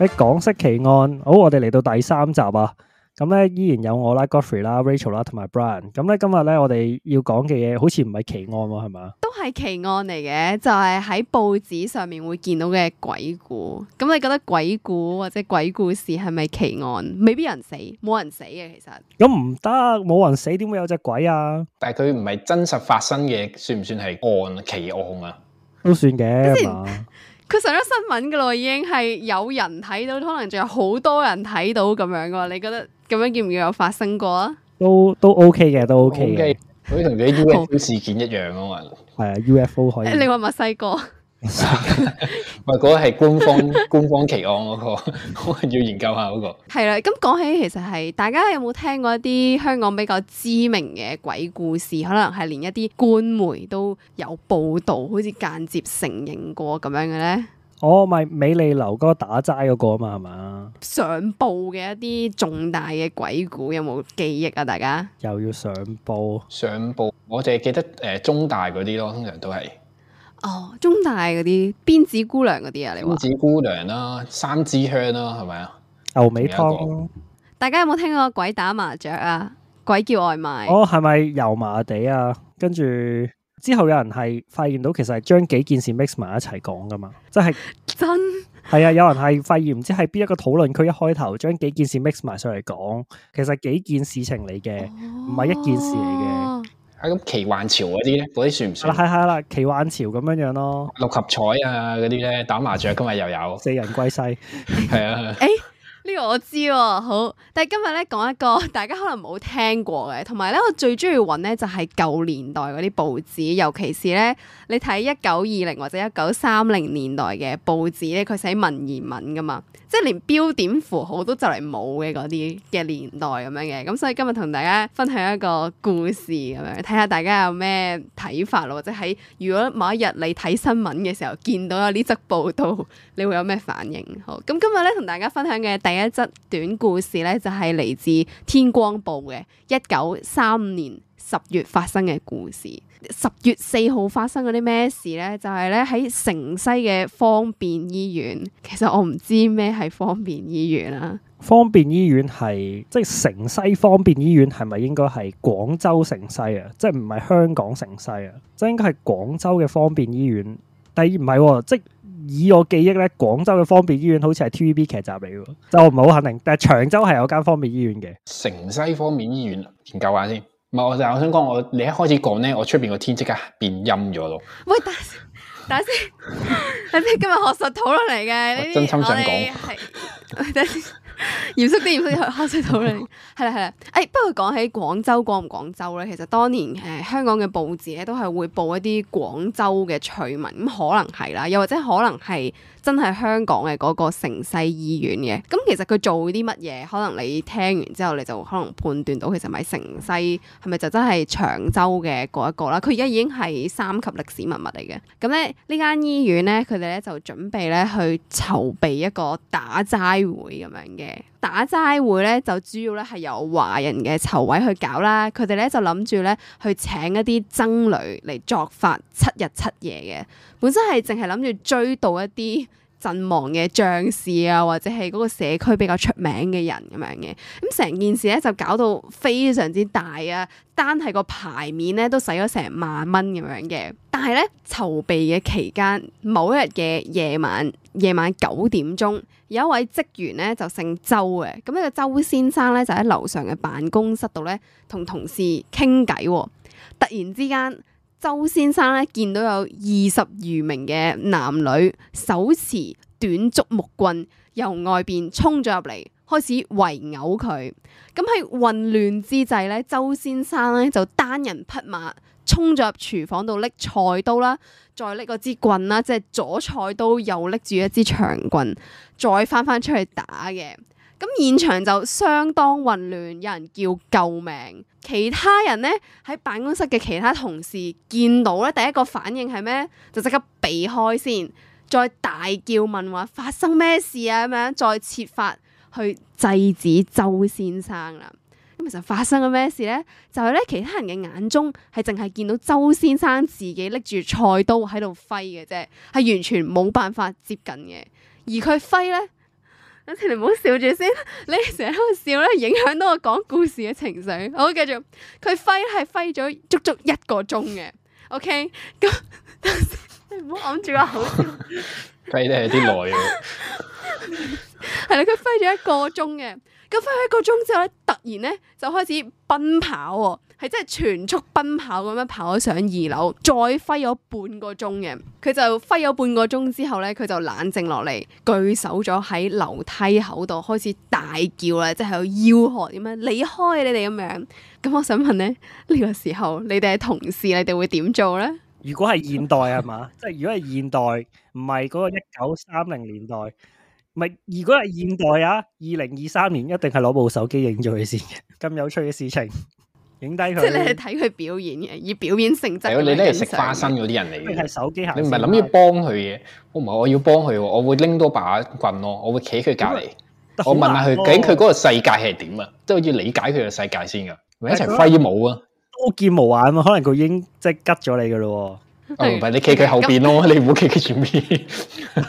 喺港識奇案，好、哦，我哋嚟到第三集啊！咁、嗯、咧依然有我啦 Godfrey 啦，Rachel 啦，同埋 Brian。咁、嗯、咧今日咧，我哋要講嘅嘢好似唔係奇案喎，啊，係嘛？都係奇案嚟嘅，就係、是、喺報紙上面會見到嘅鬼故。咁你覺得鬼故或者鬼故事係咪奇案？未必有人死，冇人死嘅其實。咁唔得，冇人死點會有隻鬼啊？但係佢唔係真實發生嘅，算唔算係案奇案啊？都算嘅。但是 佢上咗新聞噶啦，已經係有人睇到，可能仲有好多人睇到咁樣噶。你覺得咁樣見唔見有發生過啊？都都 OK 嘅，都 OK 嘅。佢同啲 UFO 事件一樣啊嘛。係啊 ，UFO 可以。你話墨西哥。 我嗰個係官方官方奇案嗰個，可能要研究下嗰個。係啦，咁講起其實係，大家有冇聽過一啲香港比較知名嘅鬼故事？可能係連一啲官媒都有報道，好似間接承認過咁樣嘅咧。哦，咪美利樓嗰個打齋嗰個啊嘛，係嘛？上報嘅一啲重大嘅鬼故有冇記憶啊？大家又要上報？上報，我淨係記得誒中大嗰啲咯，通常都係。哦，中大嗰啲辮子姑娘嗰啲啊，你話辮子姑娘啦、啊，三支香啦，係咪啊？牛尾湯咯。大家有冇聽過鬼打麻雀啊？鬼叫外賣。哦，係咪油麻地啊？跟住之後有人係發現到，其實係將幾件事 mix 埋一齊講噶嘛，即、就、係、是、 真係的啊！有人係發現唔知係邊一個討論區一開頭將幾件事 mix 埋上嚟講，其實幾件事情嚟嘅，唔係、哦、一件事嚟嘅。啊，咁奇幻潮嗰啲呢？嗰啲算唔算？啦係係啦，奇幻潮咁樣樣咯。六合彩啊嗰啲咧，打麻雀今日又有。四人歸西，係 啊。 哎呢個我知喎、哦，好！但係今日咧講一個大家可能冇聽過嘅，同埋咧我最中意揾咧就係、是、舊年代嗰啲報紙，尤其是咧你睇一九二零或者一九三零年代嘅報紙咧，佢寫文言文噶嘛，即係連標點符號都就嚟冇嘅嗰啲嘅年代咁樣嘅，咁所以今日同大家分享一個故事咁樣，睇下大家有咩睇法咯，或者喺如果某一日你睇新聞嘅時候見到有呢則報道，你會有咩反應？好，咁今日咧同大家分享嘅第。第一則短故事咧，就係嚟自《天光報》嘅一九三五年十月發生嘅故事。十月四號發生嗰啲咩事咧？就係咧喺城西嘅方便醫院。其實我唔知咩係方便醫院啊。方便醫院係即係城西方便醫院，係咪應該係廣州城西啊？即係唔係香港城西啊？即係應該係廣州嘅方便醫院。第二唔係，即以我記憶咧，廣州嘅方便醫院好似係 TVB 劇集嚟嘅，就唔係好肯定。但係長洲係有間方便醫院嘅，城西方便醫院。研究下先，唔係，我就係我想講，我你一開始講咧，我出面個天即刻變陰咗咯。喂，等先，等先。 今日學術討論嚟嘅，我真心想講，係， 等嚴肅啲，嚴肅啲，學術討論，係啦，係啦，誒，不過講起廣州過唔廣州咧，其實當年誒、呃、香港嘅報紙咧都係會報一啲廣州嘅趣聞，咁可能係啦，又或者可能係真係香港嘅嗰個城西醫院嘅，咁其實佢做啲乜嘢，可能你聽完之後，你就可能判斷到，其實咪城西係咪就真係長洲嘅嗰一個啦？佢而家已經係三級歷史文物嚟嘅，咁咧呢間醫院咧佢。佢哋咧就準備咧去籌備一個打齋會咁樣嘅，打齋會咧就主要咧係由華人嘅籌委去搞啦，佢哋咧就諗住咧去請一啲僧侶嚟作法七日七夜嘅，本身係淨係諗住追悼一啲陣亡嘅將士啊，或者係嗰個社區比較出名嘅人咁樣嘅，咁成件事咧就搞到非常之大啊，單係個牌面咧都使咗成萬蚊咁樣嘅。但係咧籌備嘅期間，某一日嘅夜晚，夜晚九點鐘，有一位職員咧就姓周嘅，咁、那、呢個周先生咧就喺樓上嘅辦公室度咧同同事傾偈、啊。突然之間，周先生咧見到有二十餘名嘅男女手持短竹木棍由外邊衝咗入嚟，開始圍毆佢。咁喺混亂之際咧，周先生咧就單人匹馬。衝咗入廚房度拎菜刀啦，再拎個支棍啦，即係左菜刀又拎住一支長棍，再翻翻出去打嘅。咁現場就相當混亂，有人叫救命，其他人咧喺辦公室嘅其他同事見到咧，第一個反應係咩？就即刻避開先，再大叫問話發生咩事啊？咁樣再設法去制止周先生啦。咁其實發生咗咩事咧？就係、是、咧其他人嘅眼中係淨係見到周先生自己拎住菜刀喺度揮嘅啫，係完全冇辦法接近嘅。而佢揮咧，等陣你唔好笑住先，你成日喺度笑咧，影響到我講故事嘅情緒。我繼續，佢揮係揮咗足足一個鐘嘅。OK，咁 你唔好揞住個口。揮得有啲耐嘅，係啦，佢揮咗一個鐘嘅。咁揮咗一個鐘之後咧，突然咧就開始奔跑喎，係真係全速奔跑咁樣跑咗上二樓，再揮咗半個鐘嘅。佢就揮咗半個鐘之後咧，佢就冷靜落嚟，舉手咗喺樓梯口度，開始大叫啦，即係要吆喝點樣離開你哋咁樣。咁我想問咧，呢個時候你哋係同事，你哋會點做咧？如果係現代吖嘛，即係如果係現代，唔係嗰個一九三零年代。如果係現代啊，二零二三年一定係攞部手機影咗佢先，咁有趣嘅事情，影低佢。即係你係睇佢表演嘅，以表演性質。係咯，你咧係食花生嗰啲人嚟嘅，你係手機下。你唔係諗住幫佢嘅，我唔係，我要幫佢，我會拎多把棍咯，我會企佢隔籬。為我問下佢，啊、究竟佢嗰個世界係點啊？即係要理解佢嘅世界先噶，咪的一齊揮舞啊！我見無眼啊，可能佢已經即係吉咗你噶咯喎。唔係、哦、你企佢後邊咯，嗯嗯、你唔好企佢前邊、嗯，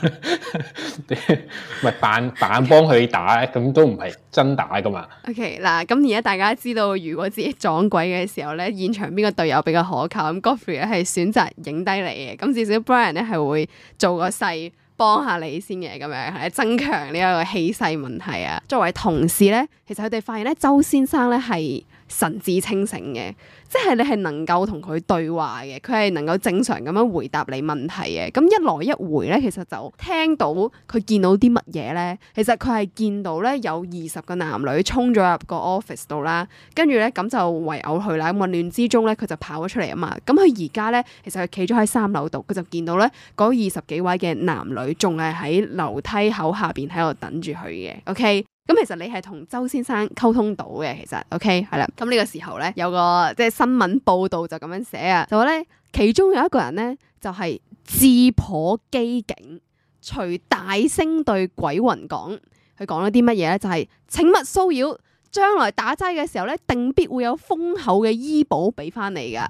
唔係扮扮幫佢打，咁 都唔係真打噶嘛。OK，嗱，咁而家大家知道，如果自己撞鬼嘅時候咧，現場邊個隊友比較可靠？咁 Godfrey 係選擇影低你嘅，咁至少 Brian 咧係會做個勢幫下你先嘅，咁樣係增強呢一個氣勢問題啊。作為同事咧，其實佢哋發現咧，周先生咧係。神志清醒嘅，即係你係能夠同佢對話嘅，佢係能夠正常咁樣回答你問題嘅。咁一來一回咧，其實就聽到佢見到啲乜嘢咧。其實佢係見到咧有二十個男女衝咗入個 office 度啦，跟住咧咁就圍毆佢啦。咁混亂之中咧，佢就跑咗出嚟啊嘛。咁佢而家咧，其實佢企咗喺三樓度，佢就見到咧嗰二十幾位嘅男女仲係喺樓梯口下邊喺度等住佢嘅。OK。咁其實你係同周先生溝通到嘅，其實 OK 係啦。咁呢個時候咧，有個即係新聞報道就咁樣寫啊，就話咧其中有一個人咧就係、是、智破機警，隨大聲對鬼魂講，佢講咗啲乜嘢咧？就係、是、請勿騷擾，將來打齋嘅時候咧，定必會有豐厚嘅醫保俾翻你㗎。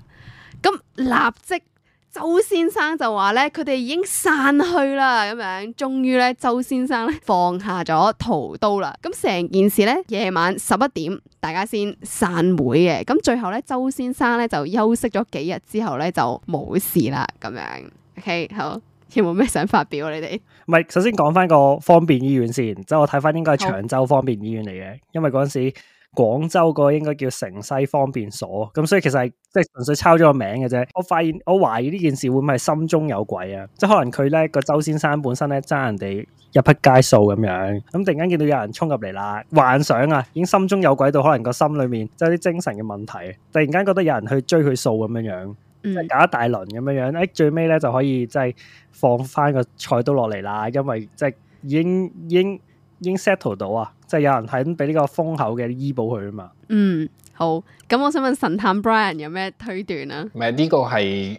咁立即。周先生就話咧，佢哋已經散去啦，咁樣，終於咧，周先生咧放下咗屠刀啦。咁成件事咧，夜晚十一點，大家先散會嘅。咁最後咧，周先生咧就休息咗幾日之後咧就冇事啦，咁樣。OK，好，有冇咩想發表啊？你哋唔係，首先講翻個方便醫院先，即係我睇翻應該係長洲方便醫院嚟嘅，好因為嗰陣時。廣州個應該叫城西方便所，咁所以其實係即係純粹抄咗個名嘅啫。我發現我懷疑呢件事會唔係心中有鬼啊，即係可能佢咧個周先生本身咧爭人哋一匹街數咁樣，咁突然間見到有人衝入嚟啦，幻想啊，已經心中有鬼到可能個心裏面即係啲精神嘅問題，突然間覺得有人去追佢數咁樣樣，搞一、嗯、大輪咁樣樣，喺、哎、最尾咧就可以即係放翻個菜刀落嚟啦，因為即係已經，已經。已經 settle 到啊，即係有人睇俾呢個封口嘅醫保佢啊嘛。嗯，好。咁我想問神探 Brian 有咩推斷啊？唔係呢個係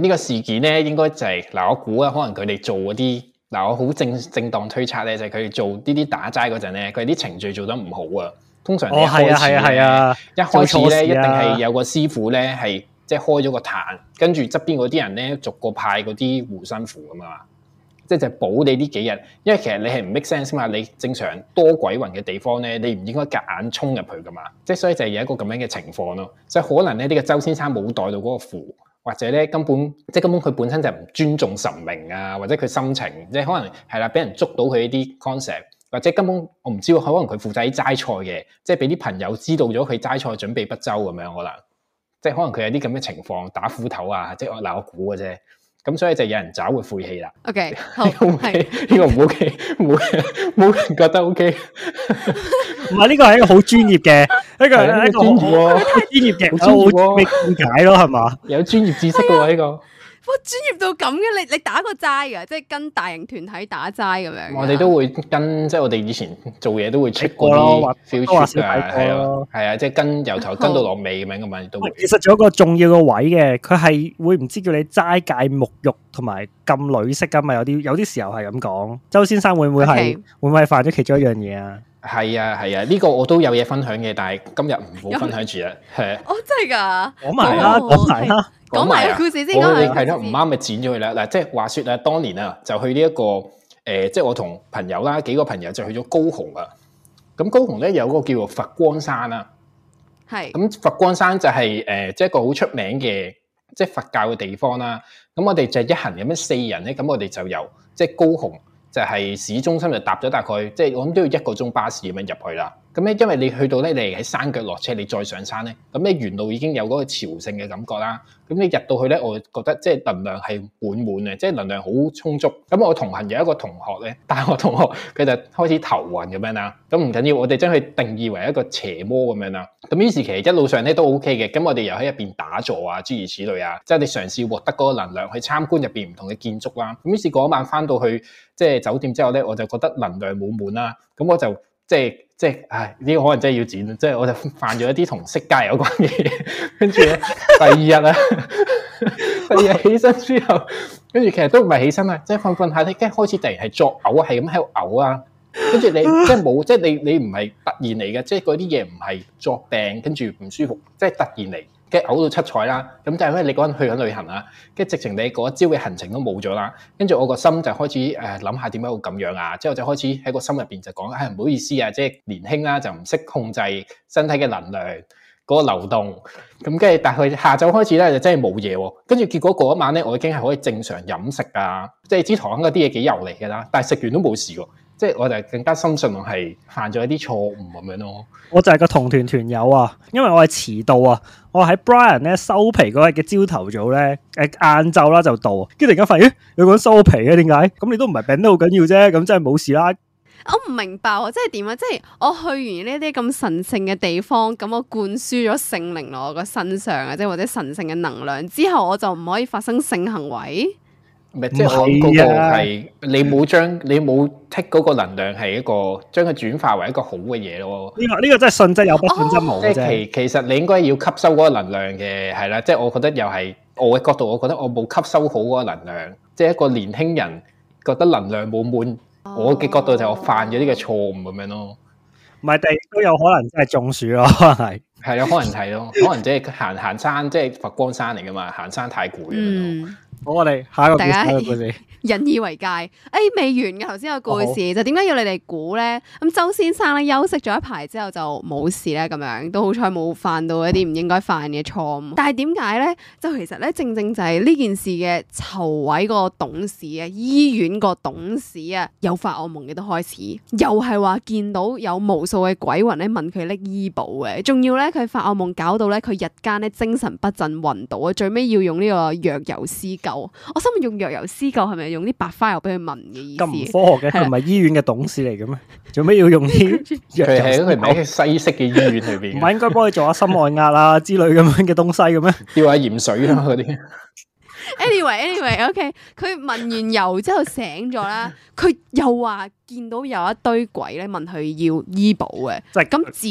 呢個事件咧，應該就係嗱，我估啊，可能佢哋做嗰啲嗱，我好正正當推測咧，就係佢哋做呢啲打齋嗰陣咧，佢啲程序做得唔好啊。通常哦係啊係啊係啊，一開始咧一定係有個師傅咧係即係開咗個壇，跟住側邊嗰啲人咧逐個派嗰啲護身符咁啊嘛。即係保你呢幾日，因為其實你係唔 make sense 嘛。你正常多鬼魂嘅地方咧，你唔應該夾硬衝入去噶嘛。即係所以就有一個咁樣嘅情況咯。即係可能咧呢個周先生冇待到嗰個符，或者咧根本即係根本佢本身就唔尊重神明啊，或者佢心情即係可能係啦，俾人捉到佢一啲 concept，或者根本我唔知喎，可能佢負責齋菜嘅，即係俾啲朋友知道咗佢齋菜準備不周咁樣可能，即係可能佢有啲咁嘅情況打斧頭啊，即係嗱我估嘅啫。咁所以就有人找會晦氣啦。OK，呢個唔 OK，呢個唔 OK，冇人冇人覺得 OK。唔係呢個係一個好專業嘅，呢個係一個專、啊、業專是業嘅，人專業嘅 解咯，係嘛 吧？有專業知識嘅話呢個。哇！專業到咁嘅，你你打個齋嘅，即係跟大型團體打齋咁樣，啊。我哋、啊、都會跟，即係我哋以前做嘢都會出嗰啲。食過 feel 出嚟，係咯，係啊，即係跟由頭跟到落尾咁樣嘅嘛。其實仲有個重要嘅位嘅，佢係會唔知叫你齋戒沐浴同埋禁女色噶嘛？有啲有啲時候係咁講。周先生會唔會係會唔會犯咗其中一樣嘢啊？係啊係啊，呢、啊這個我都有嘢分享嘅，但係今日唔、啊、好分享住啦。係。哦，真係噶，講埋啦，講埋啦。講埋故事先，我你係咯唔啱咪剪咗佢啦嗱，即係話說啊，當年啊就去呢、這、一個誒、呃，即係我同朋友啦，幾個朋友就去咗高雄啊。咁高雄咧有個叫做佛光山啦、啊，係咁是佛光山就係、是、誒，即、呃、係、就是、一個好出名嘅即係佛教嘅地方啦、啊。咁我哋就一行咁樣四人咧，咁我哋就由即係高雄就係市中心就搭咗大概即係、就是、我諗都要一個鐘巴士咁樣入去啦。咁咧，因為你去到咧，你喺山腳落車，你再上山咧，咁咧沿路已經有嗰個朝聖嘅感覺啦。咁你入到去咧，我覺得即係能量係滿滿嘅，即係能量好充足。咁我同行有一個同學咧，但係我同學佢就開始頭暈咁樣啦。咁唔緊要，我哋將佢定義為一個邪魔咁樣啦。咁於是其實一路上咧都 OK 嘅。咁我哋又喺入邊打坐啊，諸如此類啊。即係你嘗試獲得嗰個能量去參觀入邊唔同嘅建築啦。咁於是嗰晚翻到去即係酒店之後咧，我就覺得能量滿滿啦。咁我就。即係即係，唉！呢、這個可能真係要剪啦。即係我就犯咗一啲同色戒有關嘅嘢，跟住第二日咧， 第二日起身之後，跟住其實都唔係起身啦，即係瞓瞓下咧，跟住開始突然係作嘔，係咁喺度嘔啊！跟住你即係冇，即係你你唔係突然嚟嘅，即係嗰啲嘢唔係作病，跟住唔舒服，即係突然嚟。嘅嘔到七彩啦，咁就係因為你嗰陣去緊旅行啊，跟住直情你嗰一朝嘅行程都冇咗啦，跟住我個心就開始誒諗下點解會咁樣啊，之後就開始喺個心入邊就講，唉唔好意思啊，即係年輕啦就唔識控制身體嘅能量嗰個流動，咁跟住但係佢下晝開始咧就真係冇嘢喎，跟住結果嗰一晚咧我已經係可以正常飲食啊，即係知台灣嗰啲嘢幾油膩噶啦，但係食完都冇事喎。即係我就更加深信我係犯咗一啲錯誤咁樣咯。我就係個同團團友啊，因為我係遲到啊。我喺 Brian 咧收皮嗰日嘅朝頭早咧，誒晏晝啦就到啊。跟住突然間發現咦，你講收皮啊？點解？咁你都唔係病得好緊要啫，咁真係冇事啦。我唔明白喎，即係點啊？即係我去完呢啲咁神聖嘅地方，咁我灌輸咗聖靈落我個身上啊，即係或者神聖嘅能量之後，我就唔可以發生性行為？唔係，即係嗰個係你冇將你冇剔嗰個能量係一個將佢轉化為一個好嘅嘢咯。呢個呢個真係信則有，不信則無啫。其其實你應該要吸收嗰個能量嘅，係啦。即係我覺得又係我嘅角度，我覺得我冇吸收好嗰個能量。即係一個年輕人覺得能量滿滿，我嘅角度就我犯咗呢個錯誤咁樣咯。唔係，第都有可能真係中暑咯，係係有可能係咯，可能即係行行山，即係佛光山嚟㗎嘛，行山太攰。好，我哋下一個故事，下一個故事。引以為戒，哎未完嘅頭先個故事、Oh. 就點解要你哋估咧？咁周先生咧休息咗一排之後就冇事咧，咁樣都好彩冇犯到一啲唔應該犯嘅錯誤。但係點解咧？就其實咧，正正就係呢件事嘅籌委個董事啊，醫院個董事啊，又發惡夢嘅都開始，又係話見到有無數嘅鬼魂咧問佢拎醫保嘅，仲要咧佢發惡夢搞到咧佢日間咧精神不振、暈倒啊！最尾要用呢個藥油施救，我心諗用藥油施救係咪？用啲白花油俾佢聞嘅意思，咁唔科學嘅，佢唔係醫院嘅董事嚟嘅咩？做咩要用啲藥？佢係喺佢喺西式嘅醫院裏邊，唔係應該幫佢做下心外壓啊之類咁樣嘅東西嘅咩？吊下鹽水啊嗰啲。 Anyway，Anyway，OK，、okay，佢聞完油之後醒咗啦，佢 又話見到有一堆鬼咧，問佢要醫保嘅。即係咁自此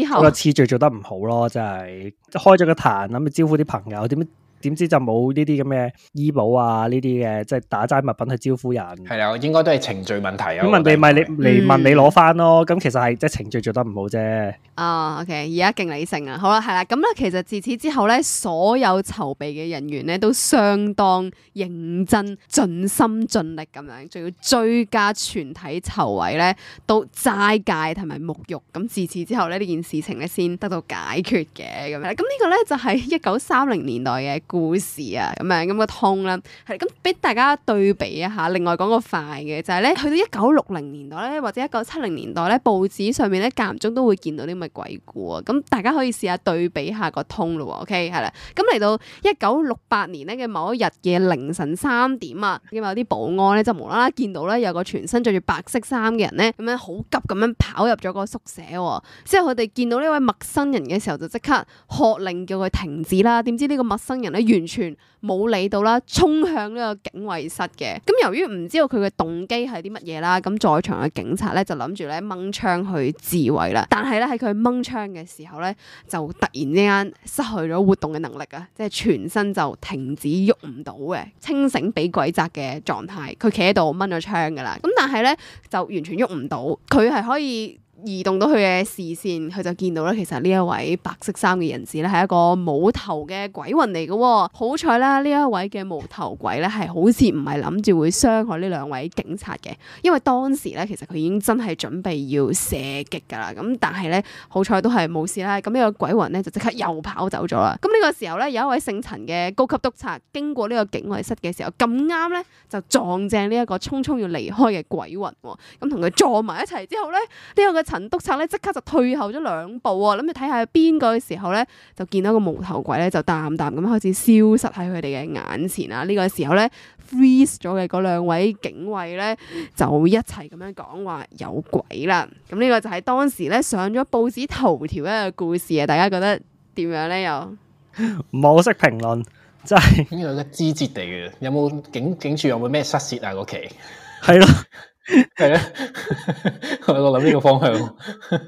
之後，那個、 個次序做得唔好咯，真、就、係、是、開咗個壇諗住，招呼啲朋友點樣？點知就冇呢啲咁嘅醫保啊？呢啲嘅即係打齋物品去招呼人係啦，應該都係程序問題啊！咁問你咪你嚟問你攞翻咯，咁其實係即係程序做得唔好啫。啊，OK，而家勁理性啊！好啦，係啦，咁咧其實自此之後咧，所有籌備嘅人員咧都相當認真、盡心盡力咁樣，仲要追加全體籌委咧都齋戒同埋沐浴。咁自此之後咧，呢件事情咧先得到解決嘅咁樣。咁呢個咧就係一九三零年代嘅。故事啊，咁樣咁個通啦，係咁俾大家對比一下。另外講個快嘅就係咧，去到一九六零年代咧，或者一九七零年代咧，報紙上面咧間唔中都會見到啲咁嘅鬼故啊。咁大家可以試下對比下個通咯，OK 係啦。咁嚟到一九六八年咧嘅某一日嘅凌晨三點啊，咁啊有啲保安咧就無啦啦見到咧有個全身着住白色衫嘅人咧，咁樣好急咁樣跑入咗個宿舍喎。之後佢哋見到呢位陌生人嘅時候就即刻喝令叫佢停止啦。點知呢個陌生人咧？完全冇理到啦，衝向呢個警衛室嘅。咁由於唔知道佢嘅動機係啲乜嘢啦，咁在場嘅警察咧就諗住咧掹槍去自衛啦。但係咧喺佢掹槍嘅時候咧，就突然之間失去咗活動嘅能力啊！即係全身就停止喐唔到嘅清醒俾鬼責嘅狀態，佢企喺度掹咗槍噶啦。咁但係咧就完全喐唔到，佢係可以。移動到佢嘅視線，佢就見到咧。其實呢一位白色衫嘅人士咧，係一個冇頭嘅鬼魂嚟嘅，哦。好彩咧，呢一位嘅無頭鬼咧，係好似唔係諗住會傷害呢兩位警察嘅。因為當時咧，其實佢已經真係準備要射擊㗎啦。咁但係咧，好彩都係冇事啦。咁呢個鬼魂咧，就即刻又跑走咗啦。咁呢個時候咧，有一位姓陳嘅高級督察經過呢個警衞室嘅時候，咁啱咧就撞正呢一個匆匆要離開嘅鬼魂。咁同佢撞埋一齊之後咧，呢、呢個督察咧，即刻就退後咗兩步啊！諗住睇下邊個嘅時候咧，就見到個無頭鬼咧，就淡淡咁開始消失喺佢哋嘅眼前啊！呢、這個時候咧 freeze 咗嘅兩位警衛咧，就一齊咁樣講話有鬼啦！咁、這、呢個就係當時咧上咗報紙頭條嘅故事啊！大家覺得點樣咧？又冇識評論，真係呢 個嘅枝節地嘅，有冇警警署有冇咩失竊啊？嗰期係咯。係啊，我諗呢個方向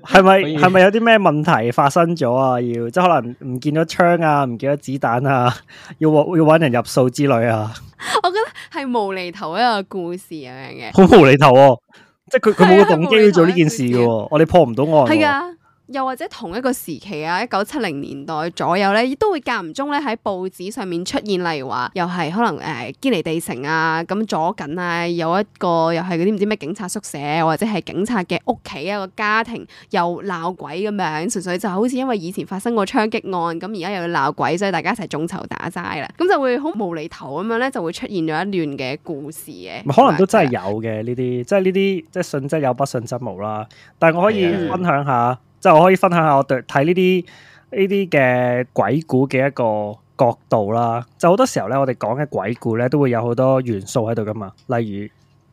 係咪係咪有啲咩問題發生咗啊？要即係可能唔見咗槍啊，唔見咗子彈啊，要要搵人入數之類啊？我覺得係無厘頭一個故事咁樣嘅，好 無厘頭啊，即係佢佢冇個動機 去做呢件事嘅，我哋、 oh, 破唔到案。係啊。又或者同一個時期啊，一九七零年代左右咧，亦都會間唔中咧喺報紙上面出現，例如話又係可能誒堅尼地城啊咁左近啊，有一個又係嗰啲唔知咩警察宿舍，或者係警察嘅屋企一個家庭又鬧鬼咁樣，純粹就好似因為以前發生過槍擊案，咁而家又要鬧鬼，所以大家一齊眾籌打齋啦，咁就會好無厘頭咁樣咧，就會出現咗一段嘅故事嘅。可能都真係有嘅呢啲，即係呢啲即係信則有，不信則無啦。但係我可以分享下、嗯。即係我可以分享下我對睇呢啲呢啲嘅鬼故嘅一個角度啦。就好多時候咧，我哋講嘅鬼故咧都會有好多元素喺度噶嘛，例如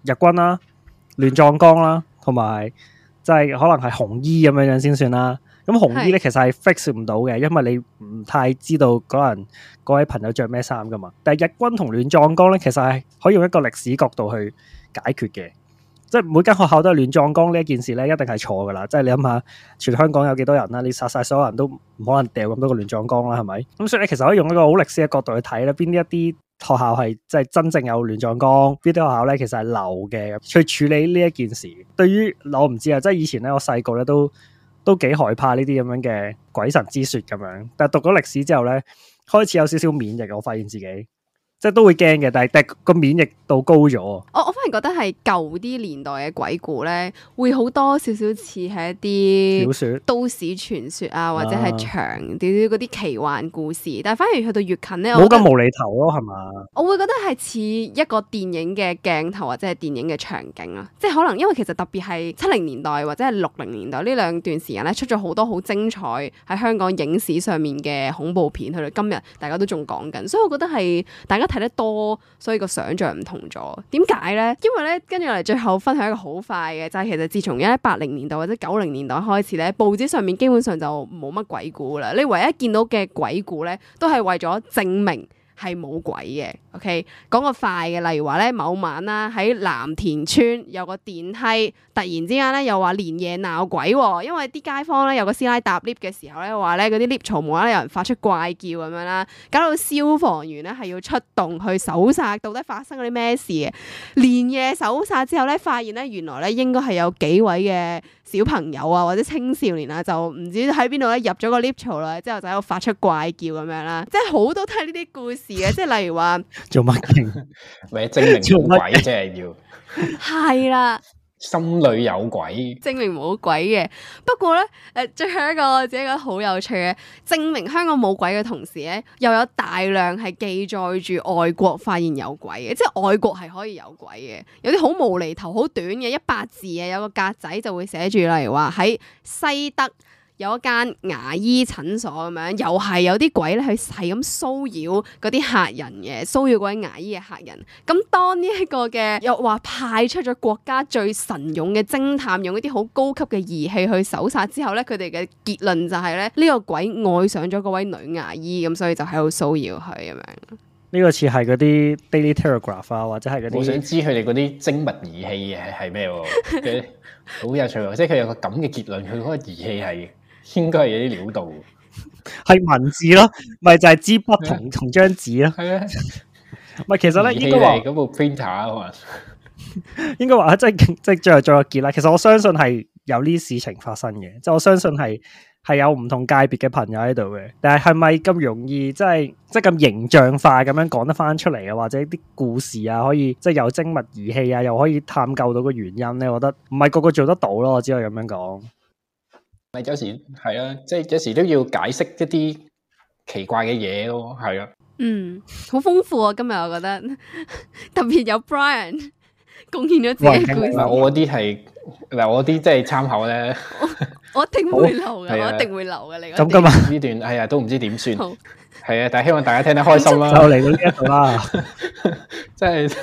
日軍啦、亂葬崗啦，同埋即係可能係紅衣咁樣樣先算啦。咁紅衣咧其實係 fix 唔到嘅，因為你唔太知道嗰人嗰位朋友着咩衫噶嘛。但係日軍同亂葬崗咧，其實係可以用一個歷史角度去解決嘅。即係每間學校都係亂葬崗呢一件事咧，一定係錯噶啦！即係你諗下，全香港有幾多人啦？你殺晒所有人都唔可能掉咁多個亂葬崗啦，係咪？咁所以咧，其實可以用一個好歷史嘅角度去睇咧，邊啲一啲學校係即係真正有亂葬崗，邊啲學校咧其實係流嘅去處理呢一件事。對於我唔知啊，即係以前咧，我細個咧都都幾害怕呢啲咁樣嘅鬼神之說咁樣，但係讀咗歷史之後咧，開始有少少免疫，我發現自己。即係都會驚嘅，但係但個免疫度高咗。我我反而覺得係舊啲年代嘅鬼故咧，會好多少少似係一啲小說都市傳說啊，或者係長啲啲嗰啲奇幻故事。但係反而去到越近咧，冇咁無厘頭咯，係嘛？我會覺得係似一個電影嘅鏡頭或者係電影嘅場景啊。即係可能因為其實特別係七零年代或者係六零年代呢兩段時間咧，出咗好多好精彩喺香港影史上面嘅恐怖片。佢哋今日大家都仲講緊，所以我覺得係大家。睇得多，所以個想像唔同咗。點解咧？因為咧，跟住嚟，最後分享一個好快嘅，就係、是、其實自從一八零年代或者九零年代開始咧，報紙上面基本上就冇乜鬼故啦。你唯一見到嘅鬼故咧，都係為咗證明。係冇鬼嘅，OK，講個快嘅，例如話咧，某晚啦，喺藍田村有個電梯，突然之間咧又話連夜鬧鬼，哦，因為啲街坊咧有個師奶搭 lift 嘅時候咧話咧啲 lift 槽門啦有人發出怪叫咁樣啦，搞到消防員咧係要出動去搜殺，到底發生咗啲咩事？嘅連夜搜殺之後咧，發現咧原來咧應該係有幾位嘅小朋友啊或者青少年啊，就唔知喺邊度咧入咗個 lift 槽啦，之後就喺度發出怪叫咁樣啦，即係好多睇呢啲故事。事嘅，即係 例如話說做乜嘢？咪證明冇鬼，即係要係啦。心裏有鬼，證明冇鬼嘅。不過咧，誒，最後一個我自己覺得好有趣嘅，證明香港冇鬼嘅同時咧，又有大量係記載住外國發現有鬼嘅，即係外國係可以有鬼嘅。有啲好無厘頭、好短嘅一百字嘅，有個格仔就會寫住，例如話喺西德，有一間牙醫診所咁樣，又係有啲鬼咧去係咁騷擾嗰啲客人嘅，騷擾嗰位牙醫嘅客人。咁當呢、這、一個嘅又話派出咗國家最神勇嘅偵探，用一啲好高級嘅儀器去搜查之後咧，佢哋嘅結論就係咧呢個鬼愛上咗嗰位女牙醫，咁所以就喺度騷擾佢咁樣。呢個似係嗰啲 Daily Telegraph 啊，或者係嗰啲。我想知佢哋嗰啲精密儀器係咩喎？好 有趣喎！即係佢有個咁嘅結論，佢嗰個儀器係。應該係有啲料到，係文字咯，咪就係支筆同同張紙咯。係啊的，咪 其實咧應該話嗰部 printer 啊嘛，應該話啊，即係即係最後再結啦。其實我相信係有呢事情發生嘅，即係我相信係係有唔同界別嘅朋友喺度嘅。但係係咪咁容易，即係即係咁形象化咁樣講得翻出嚟啊或者啲故事啊，可以即係有精密儀器啊，又可以探究到個原因咧？我覺得唔係個個做得到咯，我只可以咁樣講。咪有時係啊，即係有時都要解釋一啲奇怪嘅嘢咯，係啊。嗯，好豐富啊，今日我覺得特別有 Brian 貢獻咗自己嘅故事。嗱，我嗰啲係嗱，我啲即係參考咧，我我一定會留㗎，我一定會留㗎。你咁今日呢段，哎呀，都唔知點算，係啊，但係希望大家聽得開心啦。就嚟到呢一度啦，即係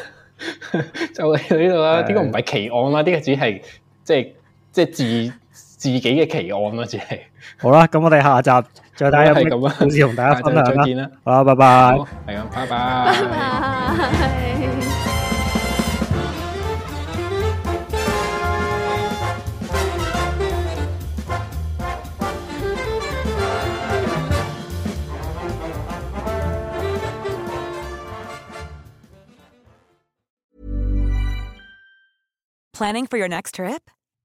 就嚟到呢度啦。呢個唔係奇案啦，呢個只係即係即係自。自己嘅奇案咯，即係好啦，咁我哋下集再睇有咩故事同大家分享啦。好，拜拜。係啊，拜拜。拜拜。Planning for your next trip?